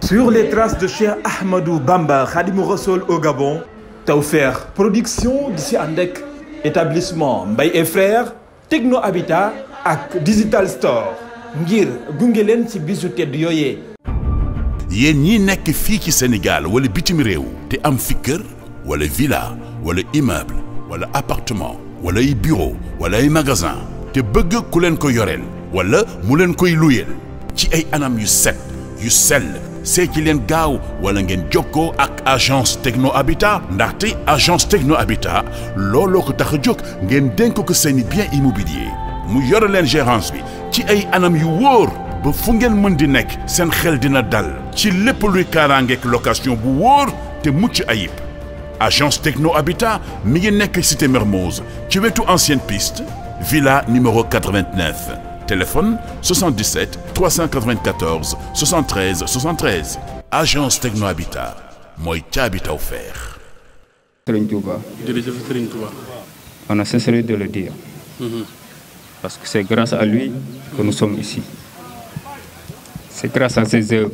Sur les traces de Cheikh Ahmadou Bamba Khadimou Rassoul au Gabon Tawfekh Production di si ànd ak établissement Mbaye et Frères Techno Habitat ak Digital Store ngir gunge leen ci bisu tedd yooyee. yéen yi nekk fii ci Sénégal wala bitim réew te am fi kër wala villa wala immeuble wala appartement wala ay bureau wala ay magasin te bëgg ku leen ko yoreel wala mu leen koy luyeel ci ay anam yu set yu sel see ci leen gaaw wala ngeen jokkoo ak agence techno abita ndaxte agence techno habitat looloo ko tax a jóg ngeen dénk ko seeni bien immobilier mu yore leen gérance bi ci ay anam yu wóor ba fu ngeen mën di nekk seen xel dina dal ci lépp luy kaaraangeek location bu wóor te mucc ayib agence techno abita mi ngi nekk cité Mermoz ci wetu ancienne pist villa numéro 89 téléphone 77 394 73 73 agence Techno Habitat mooy ca Habitat offert. Serigne Touba. on a cessé de le dire. Mm parce que c'est grâce à lui que nous sommes ici. c'est grâce à ses œuvres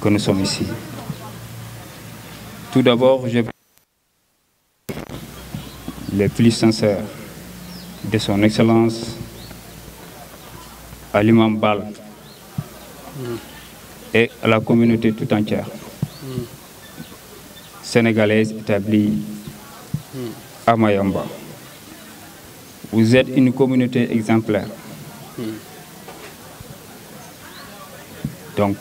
que nous sommes ici. tout d'abord je les plus sincères de son excellence à l'imam Bal hmm. et à la communauté tout entière hmm. sénégalaise établie hmm. à Mayamba. Vous êtes une communauté exemplaire. Donc,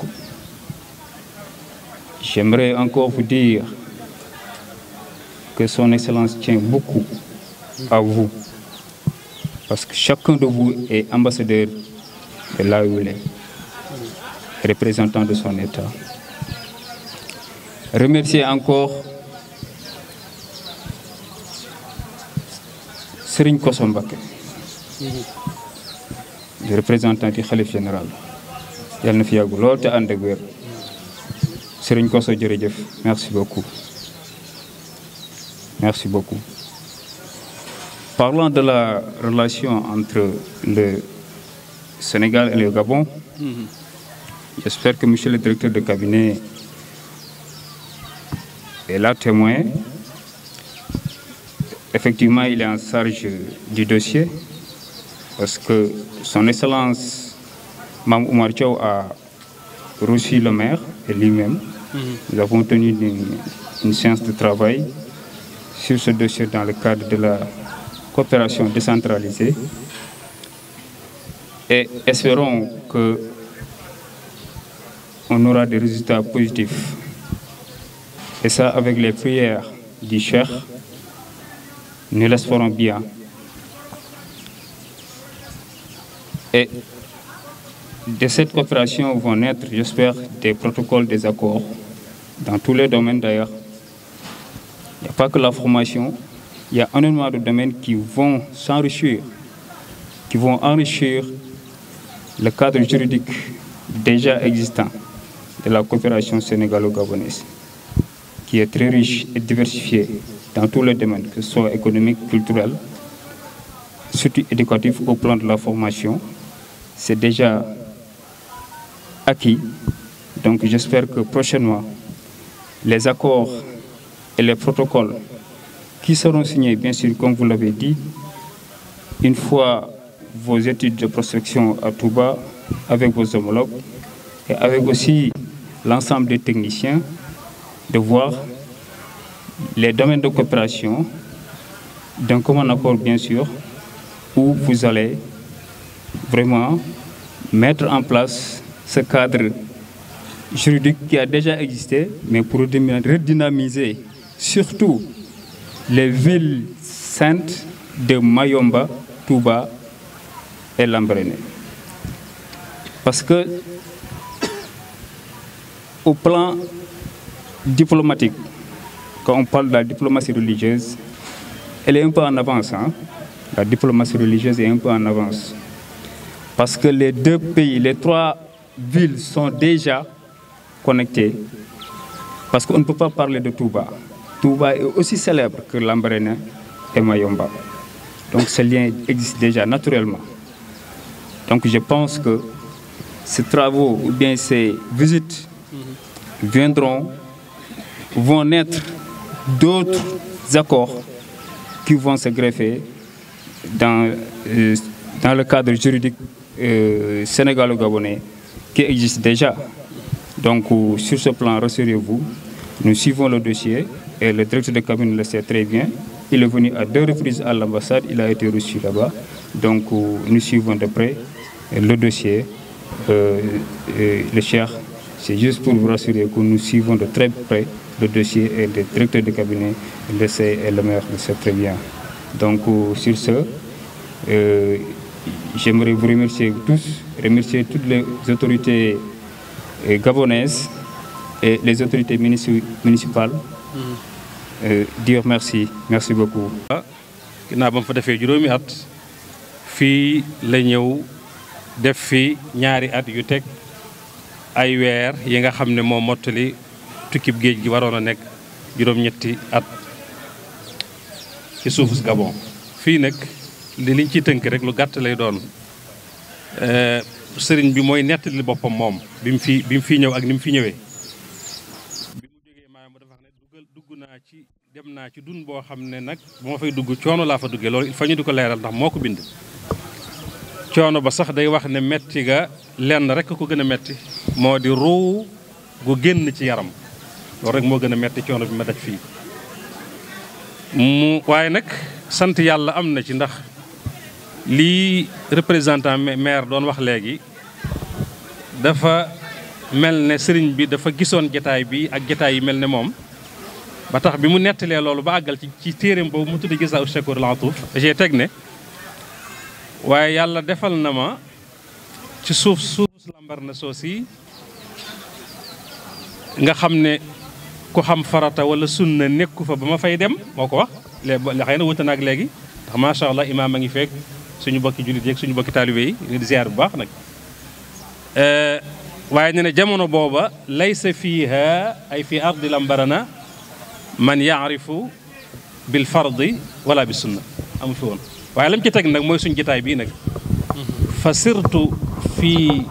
j'aimerais encore vous dire que son excellence tient beaucoup à vous. Parce que chacun de vous est ambassadeur que là où il est, représentant de son État. Remercier encore sëriñ Kosombake, le représentant du Khalif général. yàlla na fi lool te ànd ak wér Koso jërëjëf merci beaucoup merci beaucoup parlant de la relation entre Sénégal et le Gabon. J'espère que monsieur le directeur de cabinet est là témoin. Effectivement, il est en charge du dossier parce que son excellence Mam Oumar Thiaw a le maire et lui-même. Nous avons tenu une séance de travail sur ce dossier dans le cadre de la coopération décentralisée. et espérons que on aura des résultats positifs. Et ça, avec les prières du Cheikh, nous l'espérons bien. Et de cette coopération vont naître, j'espère, des protocoles des accords, dans tous les domaines d'ailleurs. Il n'y a pas que la formation, il y a énormément de domaines qui vont s'enrichir, qui vont enrichir le cadre juridique déjà existant de la coopération sénégalo-gabonaise, qui est très riche et diversifié dans tous les domaines, que ce soit économique, culturel, surtout éducatif au plan de la formation, c'est déjà acquis. Donc j'espère que prochainement, les accords et les protocoles qui seront signés, bien sûr, comme vous l'avez dit, une fois vos études de prospection à Touba avec vos homologues et avec aussi l'ensemble des techniciens de voir les domaines de coopération d'un commun accord bien sûr où vous allez vraiment mettre en place ce cadre juridique qui a déjà existé mais pour redynamiser surtout les villes cent de Mayomba, Touba et Lambaréné parce que au plan diplomatique quand on parle de la diplomatie religieuse elle est un peu en avance la diplomatie religieuse est un peu en avance parce que les deux pays les trois villes sont déjà connectées parce qu'on ne peut pas parler de Touba Touba est aussi célèbre que Lambaréné et Mayomba donc ce lien existe déjà naturellement Donc je pense que ces travaux ou bien ces visites viendront, vont naître d'autres accords qui vont se greffer dans, euh, dans le cadre juridique euh, sénégalo-gabonais qui existe déjà. Donc euh, sur ce plan, rassurez-vous, nous suivons le dossier et le directeur de cabinet le sait très bien. Il a venu à deux reprises à l'ambassade, il a été reçu là-bas. Donc euh, nous suivons de près le dossier. Euh, le Cheikh, c'est juste pour vous rassurer que nous suivons de très près le dossier et le directeur de cabinet le sait et le maire le très bien. Donc euh, sur ce, euh, j'aimerais vous remercier tous, remercier toutes les autorités euh, gabonaises et les autorités municipales. Mm. Euh, dire merci, merci beaucoup. Ah, ginnaaw ba mu fa defee juróomi at fii la ñëw def fi ñaari at yu teg ay weer yi nga xam ne moo mottali tukkib géej gi waroon a nekk juróom-ñetti at ci suufus Gabon. fii nag li liñ ciy tënk rek lu gàtt lay doon eh, sëriñ bi mooy nettali boppam moom bi mu fi bi mu fi ñëw ak ni mu fi ñëwee. bi mu jógee maanaam dafa xam ne duggal dugg naa ci dem naa ci dun boo xam ne nag moo fay dugg coono laa fa duggee loolu fa faut ñu di ko leeral ndax moo ko bind. coono ba sax day wax ne metti ga lenn rek ko gën a metti moo di ruu gu génn ci yaram loolu rek moo gën a metti coono bi ma daj fii mu waaye nag sant yàlla am na ci ndax lii représentant maire doon wax léegi dafa mel ne sëriñ bi dafa gisoon jataay bi ak jataay yi mel ne moom ba tax bi mu nettalee loolu ba àggal ci ci téeréem boobu mu tuddi gisaa u secours lantuuf j'ai teg ne waaye yàlla defal na ma ci suuf suuf lambar na soos yi nga xam ne ku xam farata wala sunna nekku fa ba ma fay dem moo ko wax léegi xëy na wuute na ak léegi ndax macha allah imaam ngi fekk suñu bokki jullit yeeg suñu bokki taalibe yi di ziar bu baax nag euh, waaye nee jamono booba laysa fiiha ay fi ardi lambarana man yaarifu bil fardi wala bi sunna amu fi woon waaye lam ci teg nag mooy suñ jitaay bii nag fa sirtu fii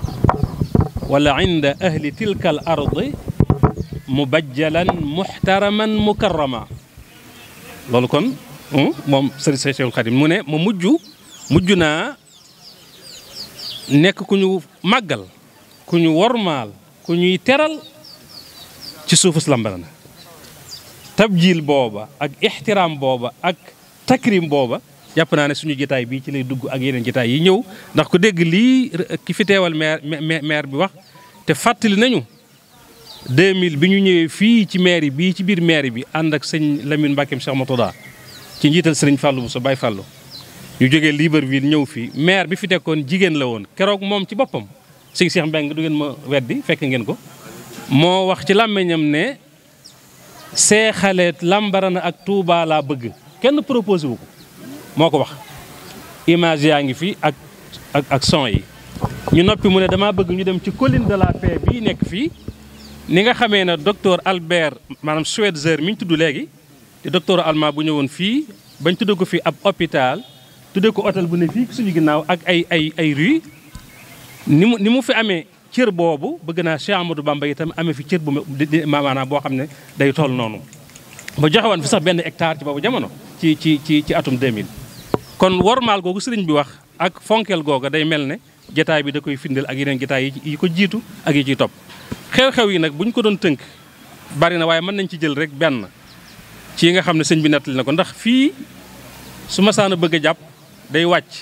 wala inda ahli tilka al ardi kon hmm, moom mu ne ma mujj mujj naa nekk kuñu ñu màggal ku ñu wormaal ku ñuy teral ci suufu Lambaréné tabjil booba ak ixtiraam booba ak takrim booba jàpp naa ne suñu jitaay bii ci lay dugg ak yeneen jitaay yi ñëw ndax ko dégg lii ki fi teewal maire maire bi wax te fàttali nañu 2000 bi ñu ñëwee fii ci mairie bii ci biir mairie bi ànd ak sëñ Lamine Mbackeem Cheikh Matoda ci njiital sëriñ Fallou Moussa Baye Fallou ñu jógee Libreville ñëw fii maire bi fi tekkoon jigéen la woon keroog moom ci boppam sëñ Cheikh Mbeng du ngeen ma weddi fekk ngeen ko moo wax ci làmmeñam ne seexaleet Lambarana ak Touba laa bëgg kenn proposé wu ko moo ko wax image yaa ngi fi ak ak ak son yi ñu noppi mu ne damaa bëgg ñu dem ci colline de la paix bii nekk fii ni nga xamee ne docteur Albert maanaam Schweitzer mi ñu tudd léegi te docteur allemand bu ñëwoon fii bañ tuddee ko fii ab hôpital tuddee ko hôtel bu ne fii suñu ginnaaw ak ay ay ay rue ni mu ni mu fi amee cër boobu bëgg naa Cheikh Amadou Bamba itam amee fi cër bu maanaam boo xam ne day toll noonu ba joxe woon fi sax benn hectare ci boobu jamono ci ci ci ci atum 2000 kon wormaal googu sëriñ bi wax ak fonkeel googa day mel ne jataay bi da koy findal ak yeneen jataay yi ko jiitu ak yi ciy topp xew-xew yi nag bu ñu ko doon tënk bari na waaye mën nañ ci jël rek benn ci yi nga xam ne sëñ bi nettali na ko ndax fii su masaana bëgg a jàpp day wàcc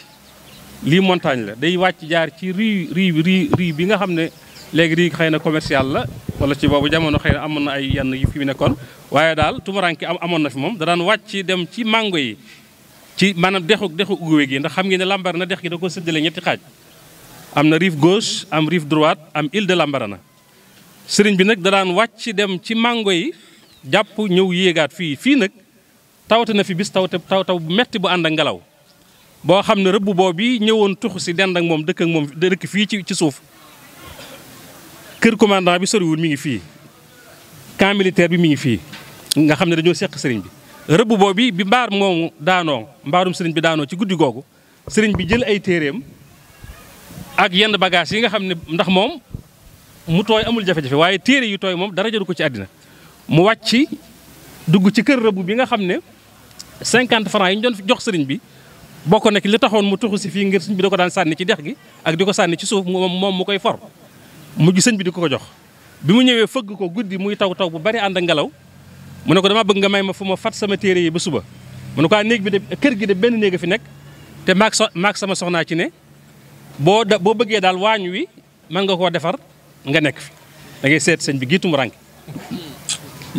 lii montagne la day wàcc jaar ci riz riz rii bi nga xam ne léegi riz xëy na commercial la wala ci boobu jamono xëy na amoon na ay yenn yi fi nekkoon waaye daal tumuraanke am amoon na fi moom da daan wàcc dem ci mango yi ci maanaam dexu dexu uguwe gi ndax xam ngeen ne Lambaréné dex gi da ko séddale ñetti xaaj am na rive gauche am rive droite am île de na sëriñ bi nag da daan wàcc dem ci mango yi jàpp ñëw yéegaat fii fii nag tawte na fi bis tawte taw taw bu metti bu ànd ak ngelaw boo xam ne rëbb boobu bi ñëwoon tuxu si dend ak moom dëkk ak moom dëkk fii ci ci suuf kër commandant bi soriwul mi ngi fii camp militaire bi mi ngi fii nga xam ne dañoo seq sëriñ bi rëbb boobu bi mbaar moomu daanoo mbaarum sëriñ bi daanoo ci guddi googu sëriñ bi jël ay téeréem ak yenn bagage yi nga xam ne ndax moom mu tooy amul jafe-jafe waaye téere yu tooy moom dara jaru ko ci àddina mu wàcc dugg ci kër rëbb bi nga xam ne cinquante francs yi ñu doon jox sëriñ bi bokk na ci li taxoon mu tuxu si fii ngir sëñ bi da ko daan sànni ci dex gi ak di ko sànni ci suuf moom mu koy for mujj sëñ bi di ko ko jox bi mu ñëwee fëgg ko guddi muy taw taw bu bari ànd ak ngelaw mu ne ko dama bëgg nga may ma fu ma fat sama téere yi ba suba mu ne ko ah, néeg bi de kër gi de benn néeg fi nekk te maag so maag sama soxnaa ci ne boo da boo bëggee daal waañ wi mën nga koo defar nga nekk fi da seet sëñ bi giitum rànk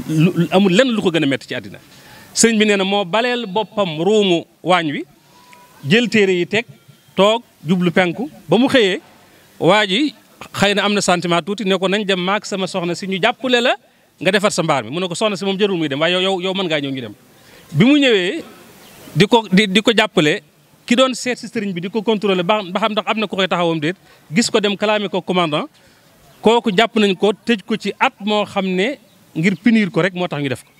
lu amul lenn lu ko gën a métti ci àddina sëñ bi nee na moo baleel boppam ruumu waañ wi jël téere yi teg toog jublu penku ba mu xëyee waa ji xëy na am na sentiment tuuti ne ko nañ dem maak sama soxna si ñu jàppale la nga defar sa mbaar mi mun ne ko soxna si moom jërul muy dem waaye yow yow mën ngaa ñëw ñu dem bi mu ñëwee di ko di di ko jàppale ki doon seet si sëriñ bi di ko contrôler ba xam ndax am na ko koy taxawam déet gis ko dem kalaame ko kooku jàpp nañ ko tëj ko ci at moo xam ne ngir punir ko rek moo tax ñu def ko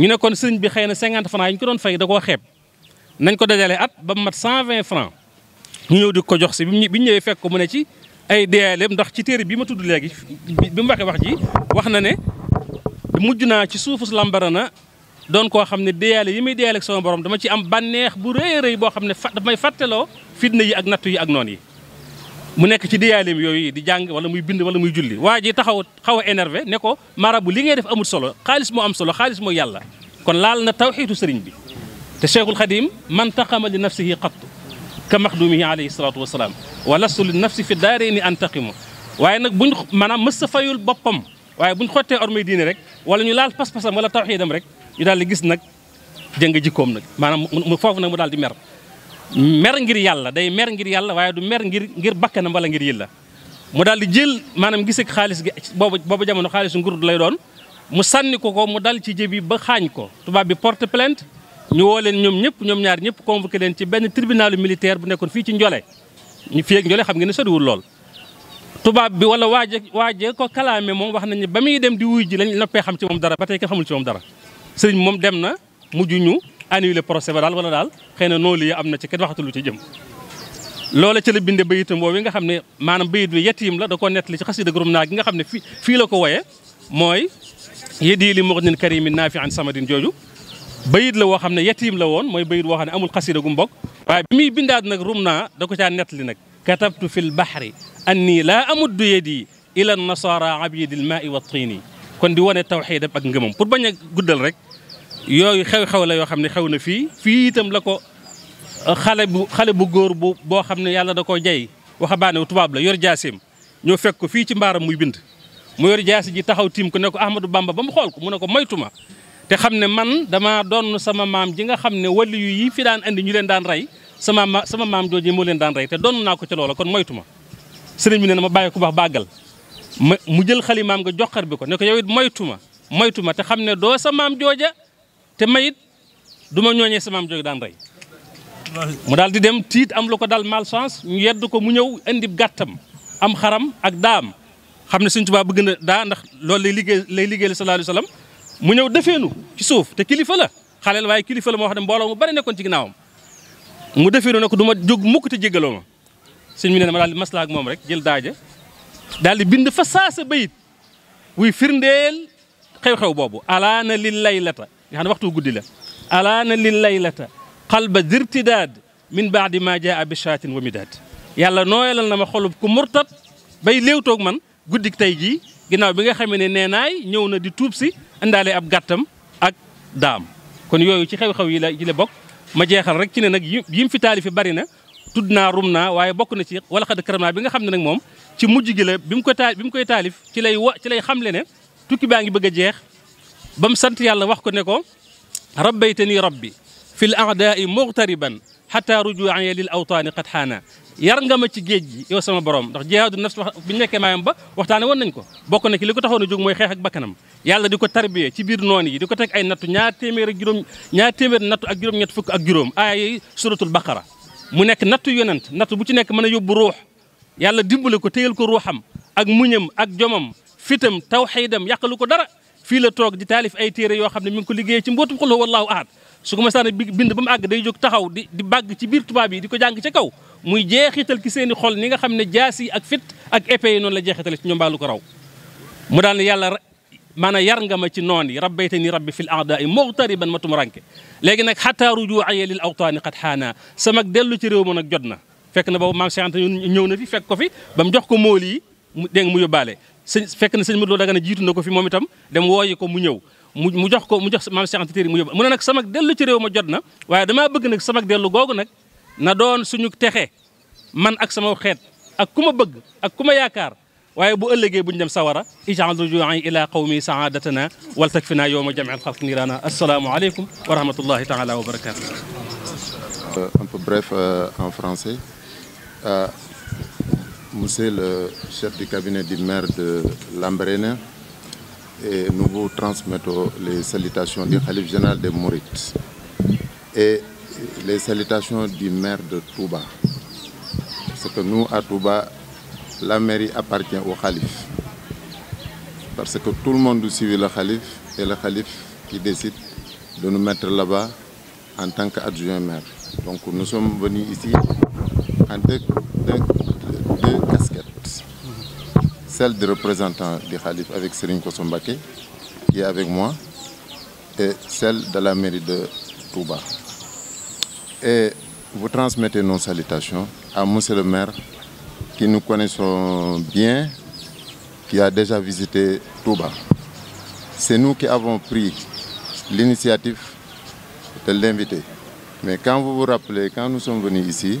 ñu ne kon sëriñ bi xëy na 50 francs yi ñu ko doon fay da koo xeeb nañ ko dajale at ba mu mat 120 francs ñu ñëw di ko jox si bi ñu ñëwee fekk ko mu ne ci ay deeleem ndax ci téere bi ma tudd léegi bi mu waxee wax ji wax na ne mujj naa ci suufu na doon koo xam ne deyaale yi may deyaale ak sama borom dama ci am bànneex bu rëy rëy boo xam ne fa daf may fàttaloo fitna yi ak nattu yi ak noon yi mu nekk ci deyaaleem yooyu di jàng wala muy bind wala muy julli waa ji taxaw xaw a énervé ne ko marabu li ngay def amul solo xaalis moo am solo xaalis mooy yàlla kon laal na tawxiitu sëriñ bi te cheikhul xadim man taqama li nafsihi qattu ka maxdumihi alayhi salaatu wasalaam wa lastu li nafsi fi daareeni antaqimu waaye nag buñ maanaam mës a fayul boppam waaye buñ xottee ormay diine rek wala ñu laal pas-pasam wala dem rek ñu daal di gis nag jëng jikkoom nag maanaam mu foofu nag mu daal di mer mer ngir yàlla day mer ngir yàlla waaye du mer ngir ngir bakkanam wala ngir yilla mu daal di jël maanaam gis xaalis gi boobu boobu jamono xaalisu ngurdu lay doon mu sànni ko ko mu dal ci jëbi ba xaañ ko tubaab bi porte plainte ñu woo leen ñoom ñëpp ñoom ñaar ñëpp convoqué leen ci benn tribunalu militaire bu nekkoon fii ci Njole ñu fii ak Njole xam ngeen ne soriwul lool tubaab bi wala waaje waaje ko kalaame moom wax nañu ba muy dem di wuy ji lañ noppee xam ci moom dara ba tey kenn xamul ci moom dara sëriñ moom dem na mujj ñu annulé procès ba daal wala daal xëy na noolu yi am na ci kenn waxatul lu ci jëm loola ci la binde bayitam boobu nga xam ne maanaam bayit bi yetiim la da koo nettali ci xasida gurum naa gi nga xam ne fii fii la ko woyee mooy yedii li muxnin karimin naafi an samadin jooju bayit la woo xam ne yetiim la woon mooy bayit woo xam ne amul xasida gu mbokk waaye bi muy bindaat nag rum naa da ko caa nettali nag katabtu anni laa amuddu yadi ila nasara abidi l maai wa tiini kon di wane tawxiidam ak ngëmam pour bañ a guddal rek yooyu xew-xew la yoo xam ne xew na fii fii itam la ko euh, xale bu xale bu góor bu boo xam ne yàlla da koo jay waxambaane wu tubaab la yor jaasim ñoo fekk fii ci mbaaram muy bind mu yor jaasi ji taxaw tiim ko ne ko Ahmadou Bamba ba mu xool ko mu ne ko moytuma te xam ne man damaa doon sama maam ji nga xam ne waliyu yi fi daan andi ñu leen daan rey sama ma sama maam jooju moo leen daan te doon naa ko ci loola kon moytuma sëriñ bi nee na ma bàyyi ku baax ma mu jël xalimaam nga joxar bi ko ne ko yow it moytu ma moytu ma te xam ne doo sa maam jooja te mayit duma ma ñooñee sa maam jooja daan rey mu daal di dem tiit am lu ko dal malchance ñu yedd ko mu ñëw indi gàttam am xaram ak daam xam ne Sëriñ Tuubaa bëgg na daa ndax loolu lay liggéey lay liggéeyal sallallaahu alayhi mu ñëw defeenu ci suuf te kilifa la xaleel waaye kilifa la moo xam ne mbooloo mu bari nekkoon ci ginnaawam mu defeenu ne ko duma ma jóg mukk te jégaloo sëñ bi nee na ma daal di maslaa ak moom rek jël daaja daal di bind fa saasa bayit wuy firndeel xew-xew boobu alaana li laylata nga xam ne waxtu guddi la alaana lil laylata xalba dirtidaad min baadi ma jaa bishaatin wa midaad yàlla nooyalal na ma xolub ku murtat bay léewtoog man guddik tey jii ginnaaw bi nga xamee ne nee naay ñëw na di tuub si indaale ab gàttam ak daam kon yooyu ci xew-xew yi la yi la bokk ma jeexal rek ci ne nag yim fi taali fi bari na tudd naa rum waaye bokk na ci wala xad karam naa bi nga xam ne nag moom ci mujj gi bi mu koy taal bi mu koy taalif ci lay wa ci lay xamle ne tukki baa ngi bëgg a jeex ba mu sant yàlla wax ko ne ko rabbaytani rabbi fi l aadaai muxtariban a rujuaya lil awtaani qad xaana yar nga ma ci géej gi yow sama borom ndax jihaadu nafs wax bu ñu nekkee maayam ba waxtaane woon nañ ko bokk na ci li ko taxoon a jóg mooy xeex ak bakkanam yàlla di ko tarbiye ci biir noon i di ko teg ay nattu ñaar téeméer ak juróom ñaar téeméer nattu ak ak juróom aaya yi suratul mu nekk nattu yonent nattu bu ci nekk mën a yóbbu ruux yàlla dimbale ko téyal ko ruuxam ak muñam ak jomam fitam tawxiidam yàqalu ko dara fii la toog di taalif ay téere yoo xam ne mi ngi ko liggéeyee ci mbootum xuloo wallaahu ahad su ko masaana bind ba mu àgg day jog taxaw di di bàgg ci biir tubaab yi di ko jàng ca kaw muy jeexital ki seeni i xol ni nga xam ne jaas yi ak fit ak épée yi la jeexitale ci ñoom baa ko raw maanaam yar nga ma ci noon yi rabbayta ni rabbi fi l aadai muxtariban ma tumuranke léegi nag xataa rujuuaya lil awtaani xat xaana sama dellu ci réew ma nag jot na fekk na boobu maam Cheikh Anta ñëw na fi fekk ko fi ba mu jox ko mool yi mu dégg mu yóbbaale sëñ fekk na sëñ Modou Lo Dagana jiitu na ko fi moom dem wooyi ko mu ñëw mu mu jox ko mu jox maam Cheikh Anta mu yóbba mu ne nag sama dellu ci réew ma jot na waaye damaa bëgg nag sama dellu googu nag na doon suñu texe man ak sama xeet ak ku ma bëgg ak ku ma yaakaar waaye bu ëllëgee buñ dem sawara ijal rujuan ila qawmi saadatana wal takfina yowma jami al xalq nirana assalaamu aleykum wa rahmatullahi taala wa barakatu euh, un peu bref euh, en français euh, Monsieur le chef du cabinet du maire de Lambaréné et nous vous transmettons les salutations du Khalife général des Mourides et les salutations du maire de Touba. Parce que nous, la mairie appartient au calife. Parce que tout le monde suit le calife et le calife qui décide de nous mettre là-bas en tant qu'adjoint maire. Donc nous sommes venus ici en deux, deux, casquettes. Celle de représentant du calife avec Serigne Kosombake, qui est avec moi, et celle de la mairie de Touba. Et vous transmettez nos salutations à Monsieur le maire qui nous connaissons bien, qui a déjà visité Touba. C'est nous qui avons pris l'initiative de l'inviter. Mais quand vous vous rappelez, quand nous sommes venus ici,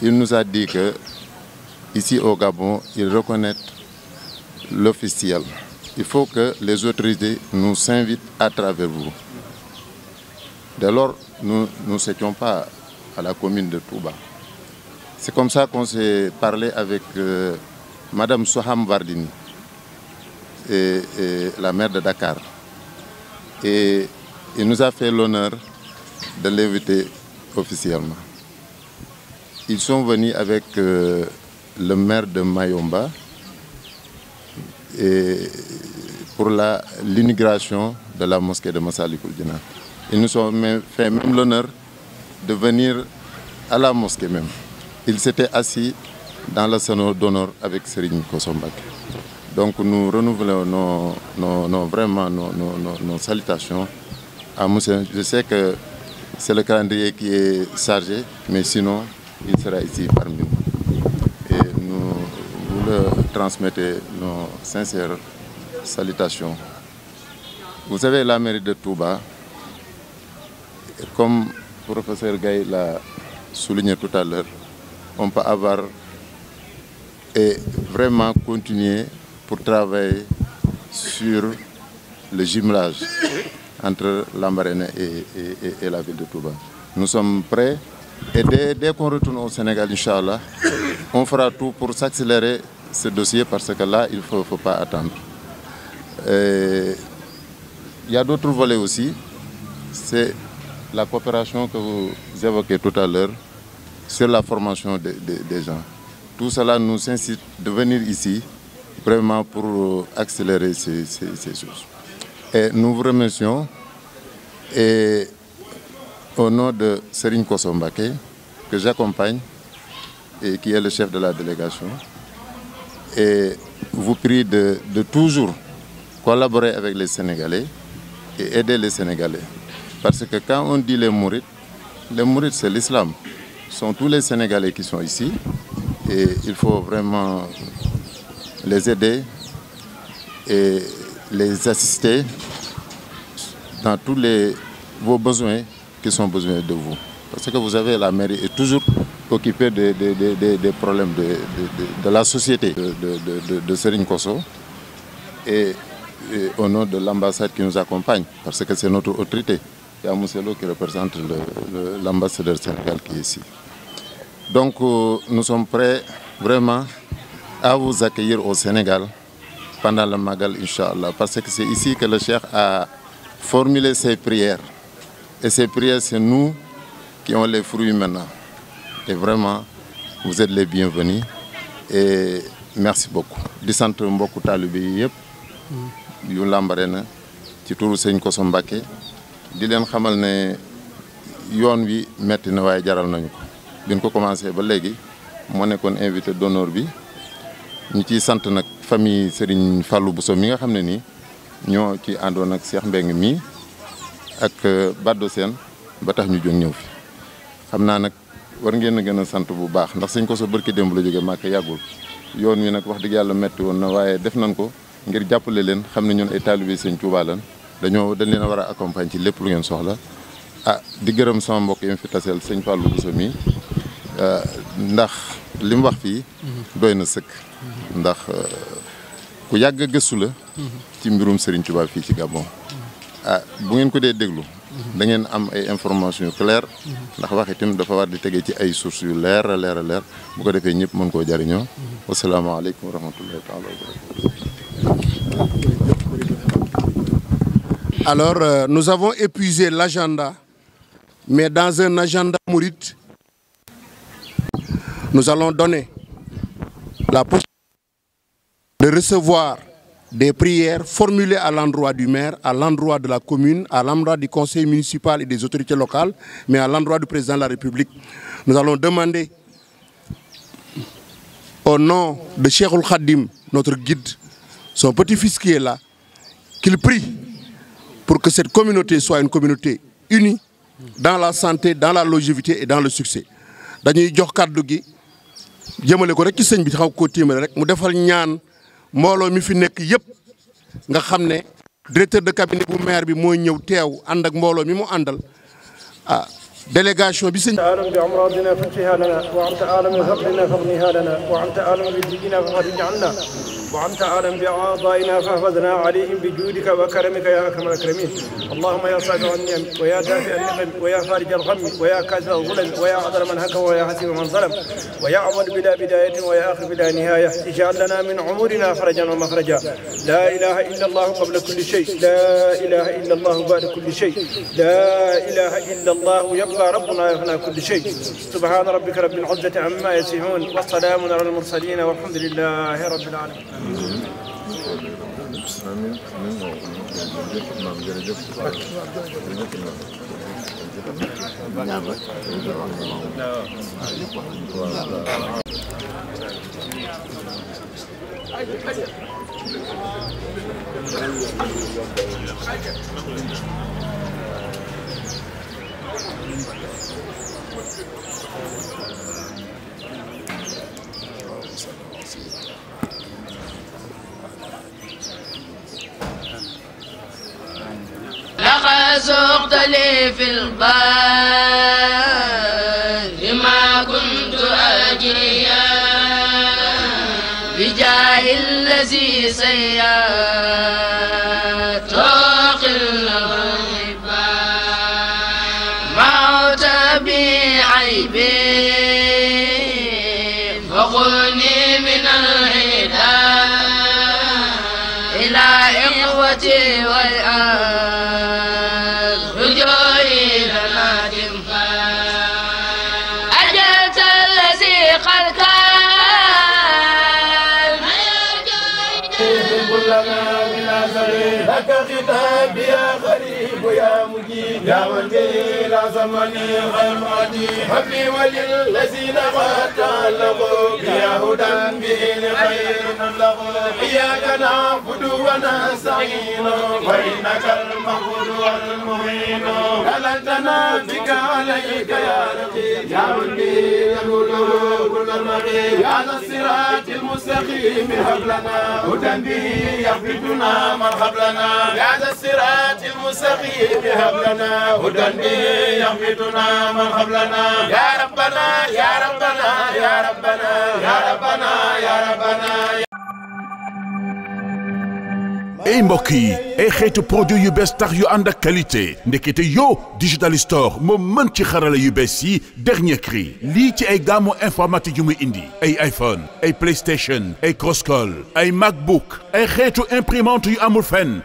il nous a dit que ici au Gabon, ils reconnaissent l'officiel. Il faut que les autorités nous invitent à travers vous. Dès lors, nous ne s'étions pas à la commune de Touba. C'est comme ça qu'on s'est parlé avec euh, Madame Soham Vardini, et, la maire de Dakar. Et il nous a fait l'honneur de l'inviter officiellement. Ils sont venus avec euh, le maire de Mayomba et pour l'inauguration de la mosquée de Massalikul Djinan. Ils nous ont fait même l'honneur de venir à la mosquée même. il s'était assis dans le salon d'honneur avec Serigne Kosombak. Donc nous renouvelons nos, vraiment nos, nos, à Moussa. Je sais que c'est le calendrier qui est chargé, mais sinon, il sera ici parmi Et nous vous le transmettez nos sincères Vous savez, la mairie de Touba, comme le professeur Gay l'a souligné tout à l'heure, on peut avoir et vraiment continuer pour travailler sur le jumelage entre Lambaréné et, et, et, et, la ville de Touba. Nous sommes prêts et dès, dès qu'on retourne au Sénégal, Inch'Allah, on fera tout pour s'accélérer ce dossier parce que là, il ne faut, faut, pas attendre. Il y a d'autres volets aussi, c'est la coopération que vous évoquez tout à l'heure sur la formation de, de, des gens. Tout cela nous incite de venir ici vraiment pour euh, accélérer ces, ces, ces choses. Et nous vous remercions et au nom de Serine Kosombake, que j'accompagne et qui est le chef de la délégation, et vous prie de, de toujours collaborer avec les Sénégalais et aider les Sénégalais. Parce que quand on dit les mourites, les mourites c'est l'islam. sont tous les Sénégalais qui sont ici et il faut vraiment les aider et les assister dans tous les vos besoins qui sont besoins de vous. Parce que vous avez la mairie est toujours occupée des des des des problèmes de de de, de la société de de de de Serigne Kosso et, et au nom de l'ambassade qui nous accompagne parce que c'est notre autorité. Il y a Mousselo qui représente le l'ambassadeur sénégal qui est ici. Donc euh, nous sommes prêts vraiment à vous accueillir au Sénégal pendant le Magal, allah Parce que c'est ici que le Cheikh a formulé ses prières. Et ces prières, c'est nous qui avons les fruits maintenant. Et vraiment, vous êtes les bienvenus. Et merci beaucoup. di sant mbokku taalibe yi yëpp yu làmbare na ci turu sëñ Koso Mbàkke di leen xamal ne yoon wi metti na waaye jaral nañu ko bi ko commencé ba léegi moo nekkoon invité donor bi ñu ciy sant nag famille Serigne Fallou Bousso mi nga xam ne nii ñoo ci àndoon ak Cheikh Mbengue mii ak euh, Baddo Sène ba tax ñu jóg ñëw xam naa nag war ngeen a gën a sant bu baax ndax Serigne Kosso barki démb la jógee Màkka yàggul yoon wi nag wax dëgg yàlla metti woon na waaye def nañ ko ngir jàppale leen xam ne ñun ay taalibe Serigne Touba lan dañoo dañ leen a war a accompagner lépp lu ngeen soxla ah di gërëm sama mbokk yi mu fi taseel Serigne Fallou mii Euh, ndax li mu wax fii. Mhm. doy na sëkk. Mhm. ndax euh, ku yàgg a gëstu la. Mhm. ci mbirum Serigne Touba fii ci Gabon. ah bu ngeen ko dee déglu. da ngeen am ay information yu claire. ndax wax itam dafa war di tege ci ay source yu leer a leer a leer bu ko defee ñëpp mën koo jariñoo. wasalaamaaleykum wa rahmatullahi taala wa barakatuh. alors euh, avons épuisé l'agenda mais dans un agenda mouride. Nous allons donner la possibilité de recevoir des prières formulées à l'endroit du maire, à l'endroit de la commune, à l'endroit du conseil municipal et des autorités locales, mais à l'endroit du président de la République. Nous allons demander au nom de Cheikhoul Khadim, notre guide, son petit-fils qui est là, qu'il prie pour que cette communauté soit une communauté unie dans la santé, dans la longévité et dans le succès. dañuy jox kàddu gi jëmale ko rek ci sëñ bi xaw ko tiimale rek mu defal ñaan mbooloo mi fi nekk yëpp nga xam ne directeur de cabinet bu maire bi mooy ñëw teew ànd ak mbooloo mi mu àndal ah délégation bi sëñ alam bi amradina fatiha lana wa anta alam bi faqrina faghniha lana wa anta alam bi dijina faqad ij'alna وأنت أعلم بأعضائنا فاحفظنا عليهم بجودك وكرمك يا أكرم الأكرمين اللهم يا صاحب النعم ويا دافع النقم ويا فارج الغم ويا كاسر الظلم ويا عذر من هكم ويا حسيب من ظلم ويا أول بلا بداية ويا آخر بلا نهاية اجعل لنا من عمورنا فرجا ومخرجا لا إله إلا الله قبل كل شيء لا إله إلا الله بعد كل شيء لا إله إلا الله يبقى ربنا يفنى كل شيء سبحان ربك رب العزة عما يصفون وسلام على المرسلين والحمد لله رب العالمين İslamiyet kimin olduğunu gelecek imam, gelecek imam, gelecek imam. Thank you. سقت لي في البحر ما كنت أجريا بجاه الذي سيّا لك خطابي يا الحق يا مجيب يا من به لا زمن غير حبي وللذين قد تعلقوا يا هدى به لخير مطلق إياك نعبد ونستعين وإنك المغفور المعين ألتنا بك عليك يا رقيب يا من به يلوله كل المغيب على الصراط المستقيم هب لنا هدى به يخرجنا من قبلنا بعد الصراط المستقيم هب لنا هدى يغمدنا من قبلنا يا ربنا يا ربنا يا ربنا يا ربنا يا ربنا ay mbokk yi ay xeetu produit yu bees tax yu ànd ak qualité ndekete yow digital store moo mën ci xarala yu bees yi dernier cri lii ci ay gamme informatique yu muy indi ay iPhone ay PlayStation ay Crosscall ay MacBook ay xeetu imprimante yu amul fenn